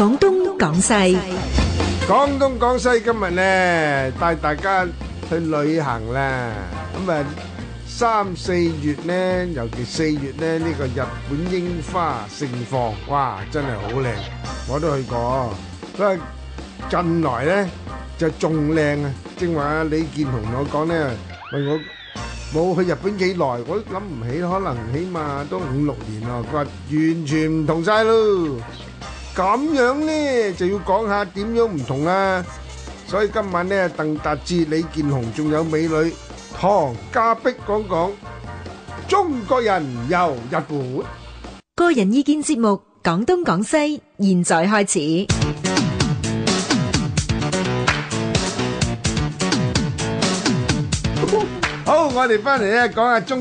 廣東廣西，廣東廣西，今日咧帶大家去旅行啦。咁啊，三四月咧，尤其四月咧，呢個日本櫻花盛放，哇，真係好靚。我都去過，不過，近來咧就仲靚啊。正話李健雄同我講咧，喂，我冇去日本幾耐，我諗唔起，可能起碼都五六年咯。佢話完全唔同晒咯。咁樣咧就要講下點樣唔同啊！所以今晚咧，鄧達智、李健雄仲有美女唐嘉碧講講中國人遊日本個人意見節目，講東講西現在開始。好，我哋翻嚟咧講下中。